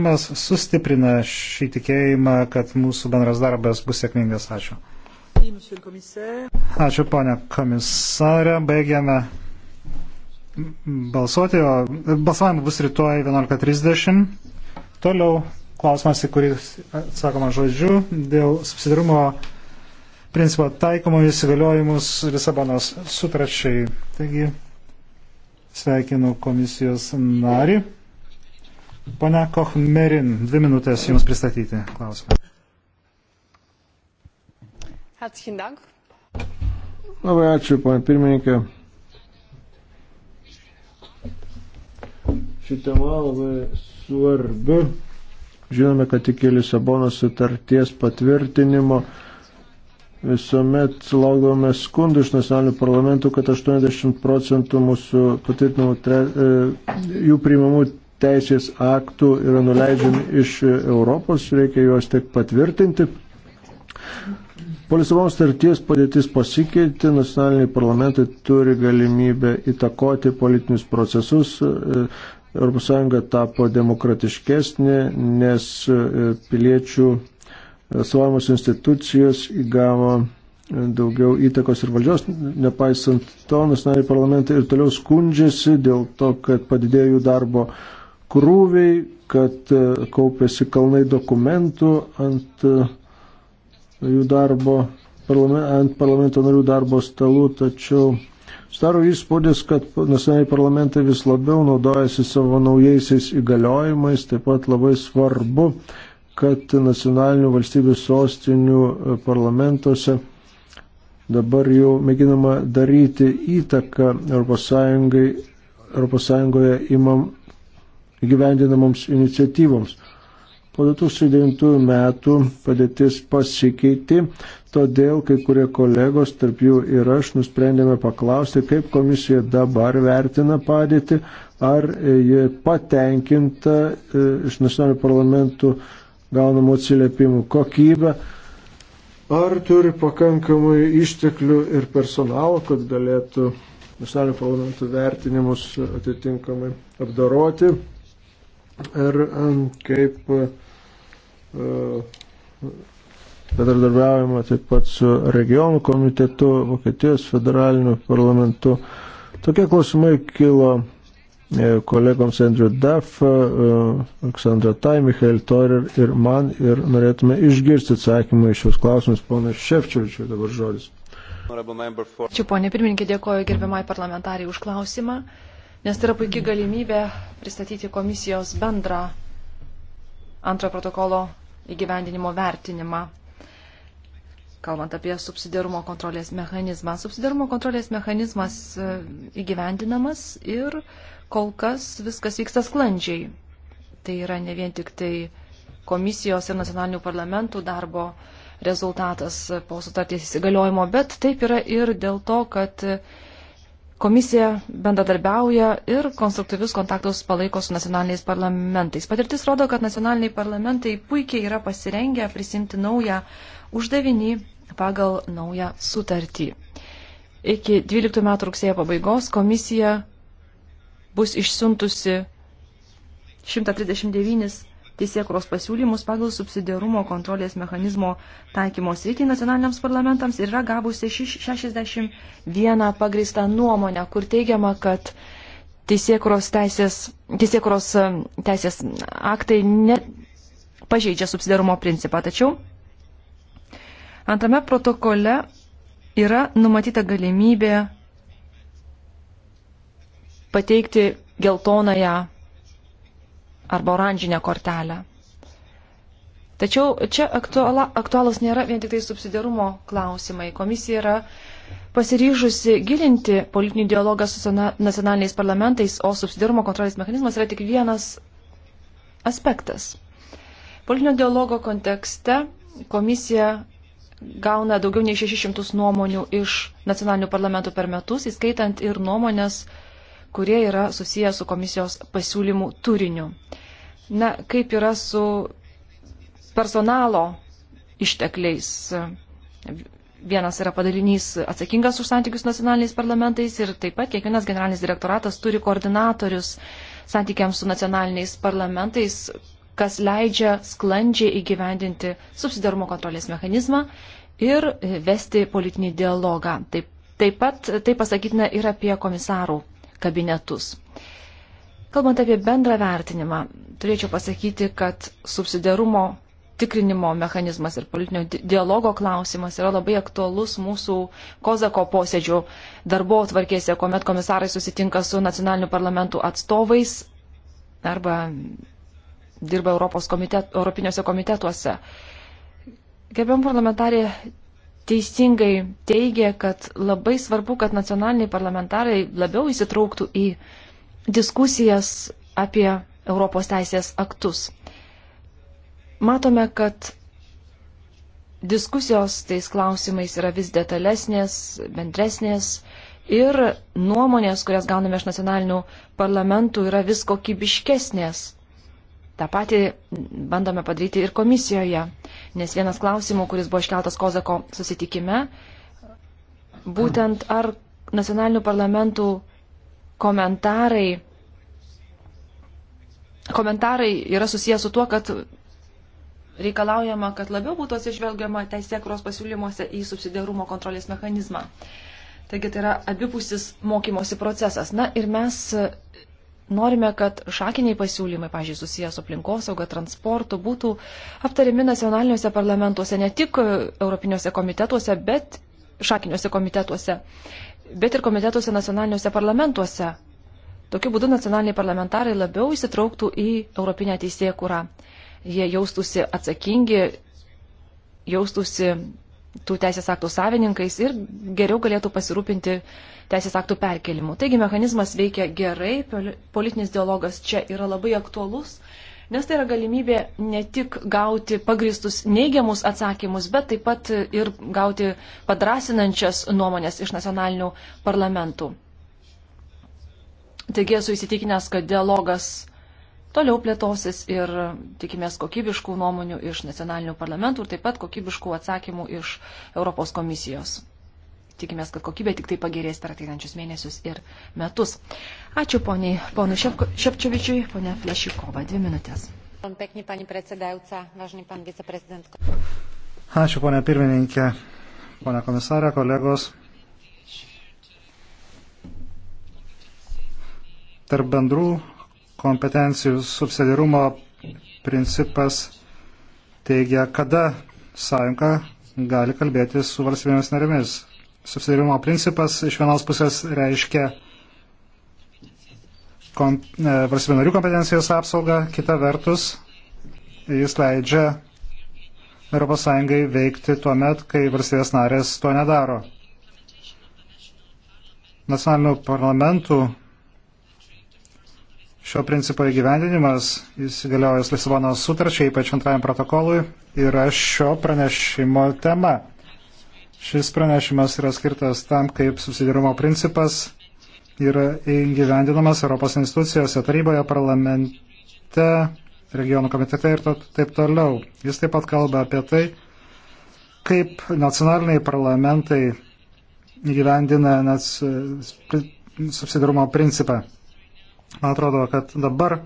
Mes sustiprina šį tikėjimą, kad mūsų bendras darbas bus sėkmingas. Ačiū. Ačiū, ponia komisarė. Baigiame balsuoti, o balsavimas bus rytoj 11.30. Toliau klausimas, į kurį atsakoma žodžiu, dėl subsidarumo principo taikomo įsigaliojimus Lisabonos sutračiai. Taigi sveikinu komisijos narį. Pane Kochmerin, dvi minutės Jums pristatyti klausimą. Labai ačiū, pane pirmininkė. Ši tema labai svarbi. Žinome, kad iki Lisabonos sutarties patvirtinimo visuomet laukdavome skundų iš nacionalinių parlamentų, kad 80 procentų mūsų patvirtinamų, tre, e, jų priimamų teisės aktų yra nuleidžiami iš Europos, reikia juos tik patvirtinti. Po Lisabonos starties padėtis pasikeitė, nacionaliniai parlamentai turi galimybę įtakoti politinius procesus. ES tapo demokratiškesnė, nes piliečių savamos institucijos įgavo daugiau įtakos ir valdžios, nepaisant to, nacionaliniai parlamentai ir toliau skundžiasi dėl to, kad padidėjo jų darbo krūviai, kad e, kaupėsi kalnai dokumentų ant e, jų darbo, ant parlamento narių darbo stalų, tačiau staro įspūdis, kad nacionaliniai parlamentai vis labiau naudojasi savo naujaisiais įgaliojimais, taip pat labai svarbu, kad nacionalinių valstybių sostinių e, parlamentuose dabar jau mėginama daryti įtaką ES, ES imam gyvendinamoms iniciatyvoms. Po 2009 metų padėtis pasikeitė, todėl kai kurie kolegos, tarp jų ir aš, nusprendėme paklausti, kaip komisija dabar vertina padėtį, ar ji patenkinta e, iš nacionalinių parlamentų gaunamų atsiliepimų kokybę, ar turi pakankamai išteklių ir personalo, kad galėtų nacionalinių parlamentų vertinimus atitinkamai apdaroti ir kaip e, bedardarbiavimą taip pat su regionų komitetu, Vokietijos federaliniu parlamentu. Tokie klausimai kilo e, kolegoms Andrew Duff, e, Aleksandra Tai, Michael Torer ir man ir norėtume išgirsti atsakymą iš šios klausimus, ponas Šefčiovičiui dabar žodis. Ačiū, ponė pirmininkė, dėkoju gerbiamai parlamentariai už klausimą. Uh, nes tai yra puikia galimybė pristatyti komisijos bendrą antrojo protokolo įgyvendinimo vertinimą. Kalbant apie subsidiarumo kontrolės mechanizmą. Subsidiarumo kontrolės mechanizmas e, įgyvendinamas ir kol kas viskas vyksta sklandžiai. Tai yra ne vien tik tai komisijos ir nacionalinių parlamentų darbo rezultatas po sutarties įsigaliojimo, bet taip yra ir dėl to, kad Komisija bendradarbiauja ir konstruktyvius kontaktus palaiko su nacionaliniais parlamentais. Patirtis rodo, kad nacionaliniai parlamentai puikiai yra pasirengę prisimti naują uždavinį pagal naują sutartį. Iki 12 metų rugsėjo pabaigos komisija bus išsiuntusi 139 teisėkros pasiūlymus pagal subsidiarumo kontrolės mechanizmo taikymo sritį nacionaliniams parlamentams ir yra gavusi 61 pagristą nuomonę, kur teigiama, kad teisėkros teisės, teisėkros e, teisės aktai ne pažeidžia subsidiarumo principą. Tačiau antrame protokole yra numatyta galimybė pateikti geltonąją arba oranžinę kortelę. Tačiau čia aktuala, aktualus nėra vien tik tai subsidiarumo klausimai. Komisija yra pasiryžusi gilinti politinį dialogą su nacionaliniais parlamentais, o subsidiarumo kontrolės mechanizmas yra tik vienas aspektas. Politinio dialogo kontekste komisija gauna daugiau nei 600 nuomonių iš nacionalinių parlamentų per metus, įskaitant ir nuomonės, kurie yra susiję su komisijos pasiūlymų turiniu. Na, kaip yra su personalo ištekliais? Vienas yra padalinys atsakingas už santykius nacionaliniais parlamentais ir taip pat kiekvienas generalinis direktoratas turi koordinatorius santykiams su nacionaliniais parlamentais, kas leidžia sklandžiai įgyvendinti subsidarumo kontrolės mechanizmą ir vesti politinį dialogą. Taip, taip pat tai pasakytina ir apie komisarų kabinetus. Uh, Kalbant apie bendrą vertinimą, turėčiau pasakyti, kad subsidiarumo tikrinimo mechanizmas ir politinio dialogo klausimas yra labai aktualus mūsų Kozako posėdžių darbo tvarkėse, kuomet komisarai susitinka su nacionaliniu parlamentu atstovais arba dirba Europos komitet, Europiniuose komitetuose. Gerbiam parlamentarė teisingai teigė, kad labai svarbu, kad nacionaliniai parlamentarai labiau įsitrauktų į diskusijas apie Europos teisės aktus. Matome, kad diskusijos tais klausimais yra vis detalesnės, bendresnės ir nuomonės, kurias gauname iš nacionalinių parlamentų, yra vis kokybiškesnės. Ta pati bandome padaryti ir komisijoje, nes vienas klausimų, kuris buvo iškeltas Kozako susitikime, būtent ar nacionalinių parlamentų komentarai, komentarai yra susijęs su tuo, kad reikalaujama, kad labiau būtų atsižvelgiama teisėkros pasiūlymuose į subsidiarumo kontrolės mechanizmą. Taigi tai yra abipusis mokymosi procesas. Na ir mes norime, kad šakiniai pasiūlymai, pažiūrėjau, susijęs su aplinkosauga, transportu, būtų aptarimi nacionaliniuose parlamentuose, ne tik europiniuose komitetuose, bet šakiniuose komitetuose bet ir komitetuose nacionaliniuose parlamentuose. Tokiu būdu nacionaliniai parlamentarai labiau įsitrauktų į Europinę teisėkurą. Jie jaustųsi atsakingi, jaustųsi tų teisės aktų savininkais ir geriau galėtų pasirūpinti teisės aktų perkelimu. Taigi mechanizmas veikia gerai, politinis dialogas čia yra labai aktuolus nes tai yra galimybė ne tik gauti pagristus neigiamus atsakymus, bet taip pat ir gauti padrasinančias nuomonės iš nacionalinių parlamentų. Taigi esu įsitikinęs, kad dialogas toliau plėtosis ir tikimės kokybiškų nuomonių iš nacionalinių parlamentų ir taip pat kokybiškų atsakymų iš Europos komisijos tikimės, kad kokybė tik tai pagerės per ateinančius mėnesius ir metus. Ačiū poniai, ponui Šepčiovičiui, ponia Flešikova, dvi minutės. Ačiū ponia pirmininkė, ponia komisarė, kolegos. Tarp bendrų kompetencijų subsidiarumo principas teigia, kada sąjunga gali kalbėti su valstybėmis narėmis subsidarimo principas iš vienos pusės reiškia kom, e, valstybių narių kompetencijos apsaugą, kita vertus jis leidžia ES veikti tuo met, kai valstybės narės to nedaro. Nacionalinių parlamentų šio principo įgyvendinimas įsigaliojus Lisabonos sutarčiai, ypač antrajam protokolui, yra šio pranešimo tema. Šis pranešimas yra skirtas tam, kaip susidirimo principas yra įgyvendinamas Europos institucijose, taryboje, parlamente, regionų komitete ir taip toliau. Jis taip pat kalba apie tai, kaip nacionaliniai parlamentai įgyvendina subsidarumo principą. Man atrodo, kad dabar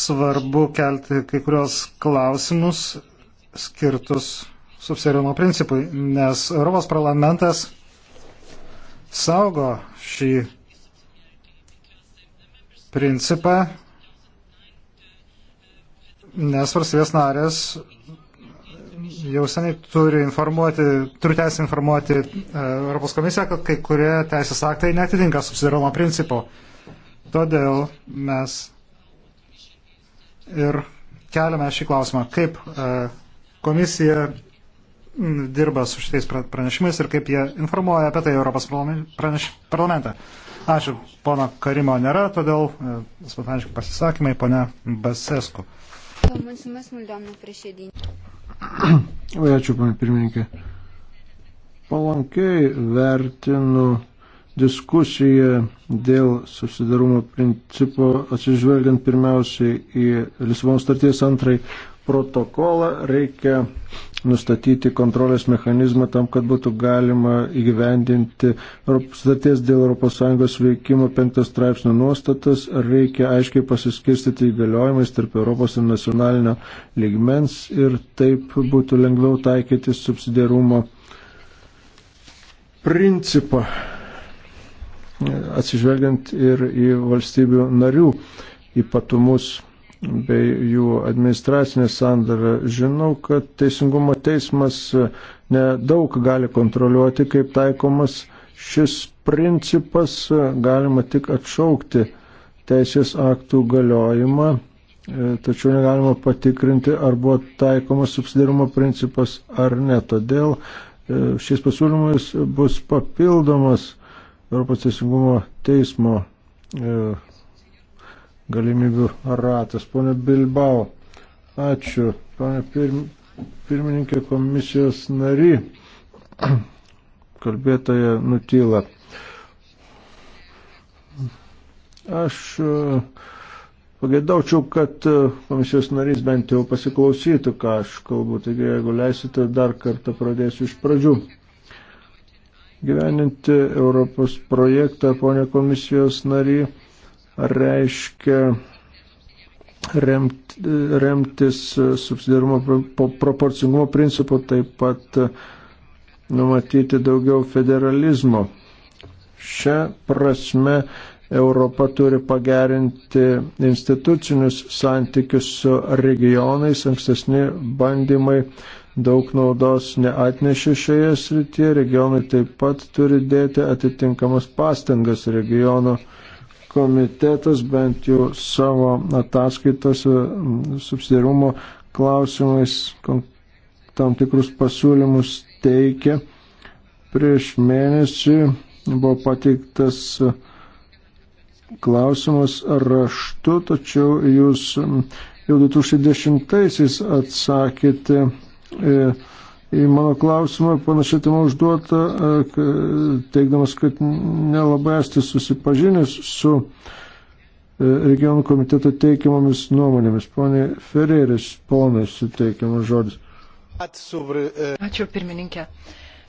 svarbu kelti kai kurios klausimus skirtus subsidiarumo principui, nes Europos parlamentas saugo šį principą, nes valstybės narės jau seniai turi informuoti, turi teisę informuoti e, Europos komisiją, kad kai kurie teisės aktai netitinka subsidiarumo principo. Todėl mes ir keliame šį klausimą, kaip e, komisija dirba su šitais pranešimais ir kaip jie informuoja apie tai Europos parlamentą. Ačiū, pono Karimo nėra, todėl e, spontaniški pasisakymai, pone Basesku. Oi, ačiū, pane pirmininkė. Palankiai vertinu diskusiją dėl susidarumo principo atsižvelgiant pirmiausiai į Lisvono starties antrąjį protokolą. Reikia nustatyti kontrolės mechanizmą tam, kad būtų galima įgyvendinti sutarties dėl ES veikimo penktas straipsnio nuostatas, ar reikia aiškiai pasiskirstyti įgaliojimais tarp Europos ir nacionalinio ligmens ir taip būtų lengviau taikyti subsidiarumo principą, atsižvelgiant ir į valstybių narių ypatumus bei jų administracinė sandara. Žinau, kad Teisingumo teismas e, nedaug gali kontroliuoti, kaip taikomas šis principas, e, galima tik atšaukti teisės aktų galiojimą, e, tačiau negalima patikrinti, ar buvo taikomas subsidirumo principas ar ne. Todėl šis pasiūlymas bus papildomas Europos Teisingumo teismo galimybių ratas. Pone Bilbao, ačiū. Pane pirm, pirmininkė komisijos nari, kalbėtoja nutyla. Aš e, pagėdaučiau, kad e, komisijos narys bent jau pasiklausytų, ką aš kalbu. Taigi, jeigu leisite, dar kartą pradėsiu iš pradžių gyveninti Europos projektą, ponė komisijos nary, reiškia remt, remtis subsidiarumo proporcingumo principu, taip pat numatyti daugiau federalizmo. Šią prasme Europa turi pagerinti institucinius santykius su regionais, ankstesni bandymai daug naudos neatnešė šioje srityje, regionai taip pat turi dėti atitinkamas pastangas regiono uh, komitetas bent jau savo ataskaitose subsidiarumo klausimais tam tikrus pasiūlymus teikia. Prieš mėnesį buvo pateiktas klausimas raštu, tačiau jūs jau 2010-aisiais atsakėte e, į mano klausimą panašiai tema užduota, e, teikdamas, kad nelabai esti susipažinęs su e, regionų komiteto teikiamomis nuomonėmis. Pone Ferreris, ponai, suteikiamas žodis. Ačiū pirmininkė.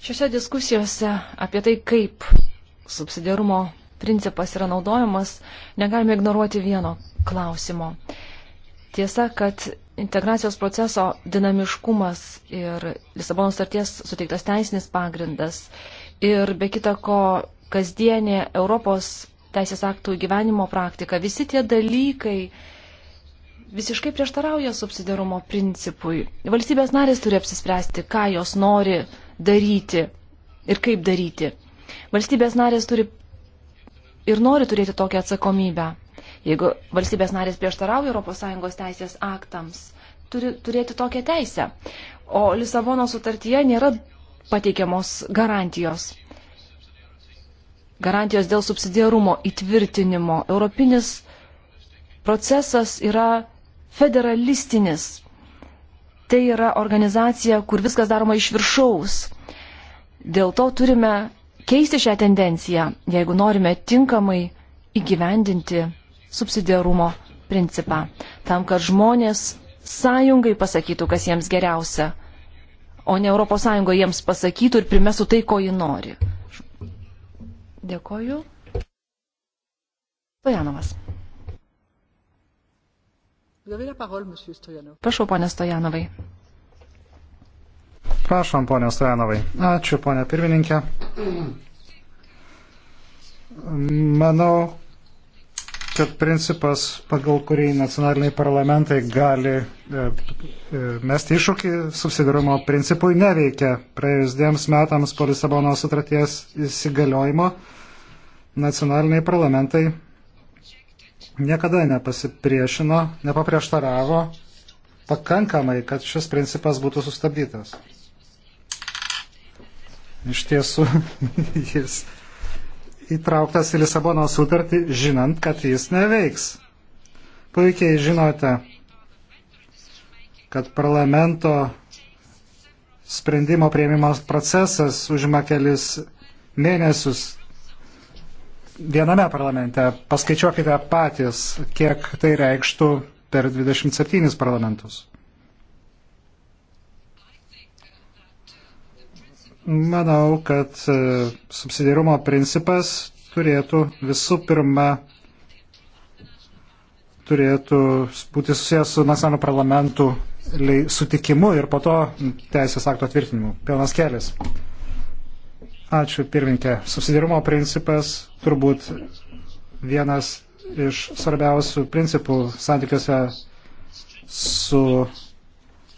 Šiuose diskusijose apie tai, kaip subsidiarumo principas yra naudojamas, negalime ignoruoti vieno klausimo. Tiesa, kad integracijos proceso dinamiškumas ir Lisabono starties suteiktas teisinis pagrindas ir be kita ko kasdienė Europos teisės aktų gyvenimo praktika, visi tie dalykai visiškai prieštarauja subsidiarumo principui. Valstybės narės turi apsispręsti, ką jos nori daryti ir kaip daryti. Valstybės narės turi ir nori turėti tokią atsakomybę. Jeigu valstybės narės prieštarauja ES teisės aktams, turi turėti tokią teisę. O Lisabono sutartyje nėra pateikiamos garantijos. Garantijos dėl subsidiarumo įtvirtinimo. Europinis procesas yra federalistinis. Tai yra organizacija, kur viskas daroma iš viršaus. Dėl to turime keisti šią tendenciją, jeigu norime tinkamai įgyvendinti subsidiarumo principą, tam, kad žmonės sąjungai pasakytų, kas jiems geriausia, o ne ES jiems pasakytų ir primestų tai, ko ji nori. Dėkoju. Stojanovas. Prašau, ponė Stojanovai. Prašom, ponė Stojanovai. Ačiū, ponė pirmininkė. Manau, kad principas, pagal kurį nacionaliniai parlamentai gali e, e, mesti iššūkį subsidarumo principui, neveikia. Praėjus dviems metams po Lisabono sutarties įsigaliojimo nacionaliniai parlamentai niekada nepasipriešino, nepaprieštaravo pakankamai, kad šis principas būtų sustabdytas. Iš tiesų, jis įtrauktas į Lisabono sutartį, žinant, kad jis neveiks. Puikiai žinote, kad parlamento sprendimo prieimimas procesas užima kelis mėnesius viename parlamente. Paskaičiuokite patys, kiek tai reikštų per 27 parlamentus. Manau, kad e, subsidiarumo principas turėtų visų pirma turėtų būti susijęs su nacionaliniu parlamentu sutikimu ir po to teisės akto tvirtinimu. Pilnas kelias. Ačiū, pirminkė. Subsidiarumo principas turbūt vienas iš svarbiausių principų santykiuose su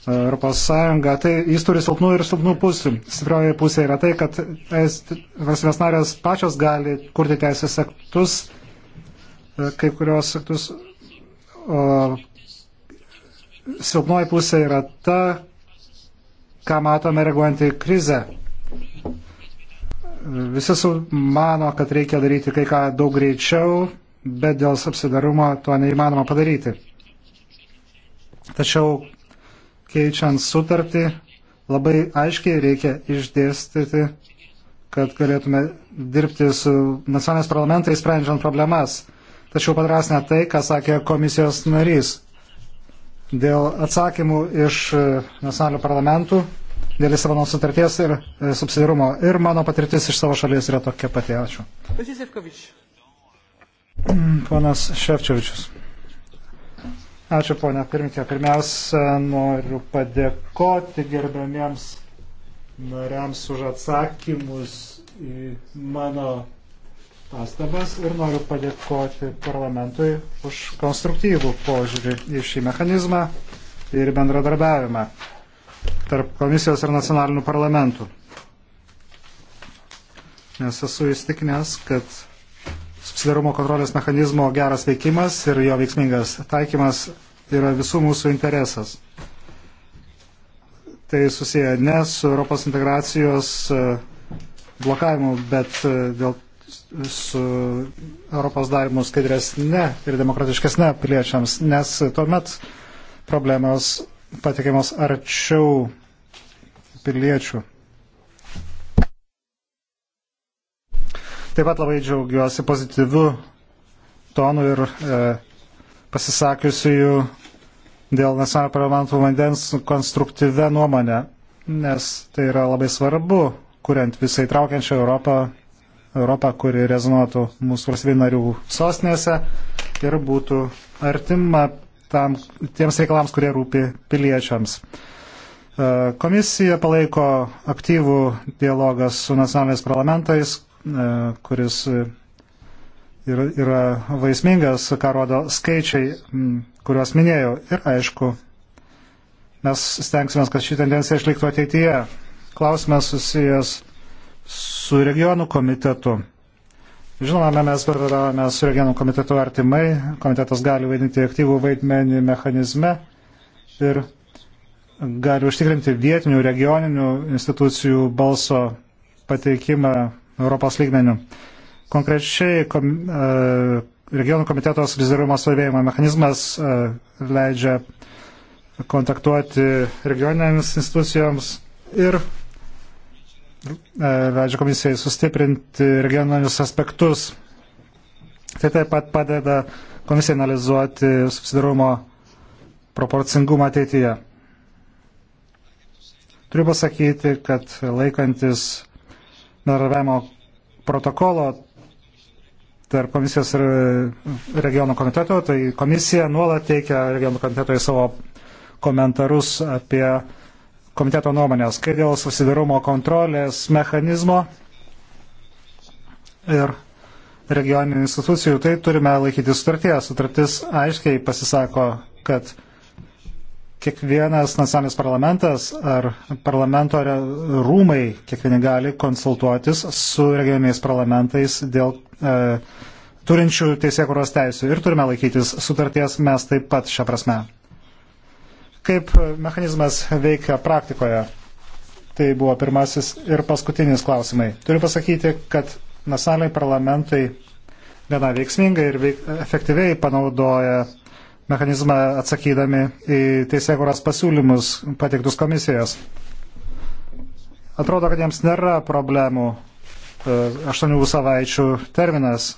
Europos Sąjungą, tai jis turi silpnų ir silpnų pusių. Stiprioji pusė yra tai, kad valstybės narės pačios gali kurti teisės aktus, e, kai kurios aktus. O silpnoji pusė yra ta, ką matome reaguojant į krizę. Visi mano, kad reikia daryti kai ką daug greičiau, bet dėl subsidarumo to neįmanoma padaryti. Tačiau keičiant sutartį, labai aiškiai reikia išdėstyti, kad galėtume dirbti su nacionalinės parlamentai, sprendžiant problemas. Tačiau padrasne tai, ką sakė komisijos narys. Dėl atsakymų iš e, nacionalinių parlamentų, dėl Lisabono sutarties ir e, subsidirumo. Ir mano patirtis iš savo šalies yra tokia pati. Ačiū. Ponas Ševčiovičius. Ačiū, ponia pirmininkė. Pirmiausia, noriu padėkoti gerbiamiems nariams už atsakymus į mano pastabas ir noriu padėkoti parlamentui už konstruktyvų požiūrį į šį mechanizmą ir bendradarbiavimą tarp komisijos ir nacionalinių parlamentų. Nes esu įstikinęs, kad solidarumo kontrolės mechanizmo geras veikimas ir jo veiksmingas taikymas yra visų mūsų interesas. Tai susiję ne su Europos integracijos e, blokavimu, bet e, dėl su Europos darimu skaidresne ir demokratiškesne piliečiams, nes tuomet problemos patikiamos arčiau piliečių. Taip pat labai džiaugiuosi pozityviu tonu ir e, pasisakiusiųjų dėl nacionalinio parlamento vandens konstruktyvę nuomonę, nes tai yra labai svarbu, kuriant visai traukiančią Europą, Europą, kuri rezonuotų mūsų valstybių narių sostinėse ir būtų artima tam, tiems reikalams, kurie rūpi piliečiams. E, komisija palaiko aktyvų dialogą su nacionaliniais parlamentais, E, kuris yra, yra vaismingas, ką rodo skaičiai, kuriuos minėjau. Ir aišku, mes stengsime, kad ši tendencija išliktų ateityje. Klausimas susijęs su regionų komitetu. Žinoma, mes bendradavome su regionų komitetu artimai, komitetas gali vaidinti aktyvų vaidmenį mechanizme ir gali užtikrinti vietinių regioninių institucijų balso pateikimą Europos lygmenių. Konkrečiai kom, e, regionų komiteto solidarumo savėjimo mechanizmas e, leidžia kontaktuoti regioninėms institucijoms ir e, leidžia komisijai sustiprinti regioninius aspektus. Tai taip pat padeda komisijai analizuoti subsidarumo proporcingumą ateityje. Turiu pasakyti, kad laikantis naravimo protokolo tarp komisijos ir e, regionų komiteto, tai komisija nuolat teikia regionų komitetoj savo komentarus apie komiteto nuomonės, kai dėl susidarumo kontrolės mechanizmo ir regioninių institucijų, tai turime laikyti sutarties. Sutartis aiškiai pasisako, kad kiekvienas nacionalinis parlamentas ar parlamento rūmai kiekvieni gali konsultuotis su regioniais parlamentais dėl e, turinčių teisėkuros teisų ir turime laikytis sutarties mes taip pat šią prasme. Kaip mechanizmas veikia praktikoje? Tai buvo pirmasis ir paskutinis klausimai. Turiu pasakyti, kad nacionaliniai parlamentai gana veiksmingai ir veik, efektyviai panaudoja mechanizmą atsakydami į teisėkuros pasiūlymus pateiktus komisijos. Atrodo, kad jiems nėra problemų e, aštuonių savaičių terminas.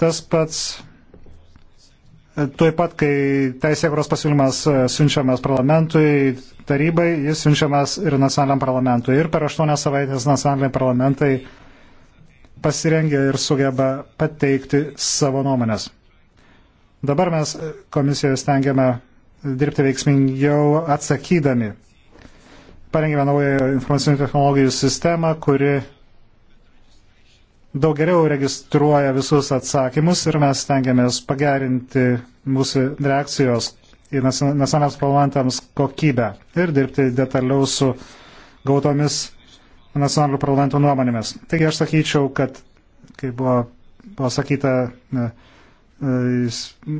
Tas pats, e, tuoj pat, kai teisėkuros pasiūlymas e, siunčiamas parlamentui, tarybai, jis siunčiamas ir nacionaliniam parlamentui. Ir per aštuonias savaitės nacionaliniai parlamentai pasirengę ir sugeba pateikti savo nuomonės. Dabar mes komisijoje stengiame dirbti veiksmingiau atsakydami. Parengėme naują informacinių technologijų sistemą, kuri daug geriau registruoja visus atsakymus ir mes stengiamės pagerinti mūsų reakcijos į nacionaliniams parlamentams kokybę ir dirbti detaliau su gautomis nacionalinių parlamentų nuomonėmis. Taigi aš sakyčiau, kad, kaip buvo, buvo sakyta, e, e, e,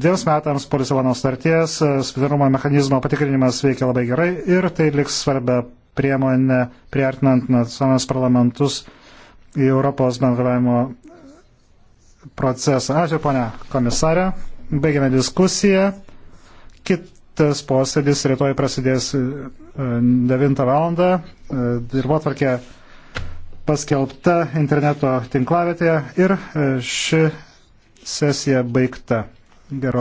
dviems metams po Lisabono starties solidarumo mechanizmo patikrinimas veikia labai gerai ir tai liks svarbia priemonė priartinant nacionalinius parlamentus į Europos bendravimo procesą. Ačiū, ponia komisarė. Baigiame diskusiją. Kitas posėdis rytoj prasidės 9 e, val. E, Dirbo tvarkė paskelbta interneto tinklavietėje ir e, ši sesija baigta. Geros.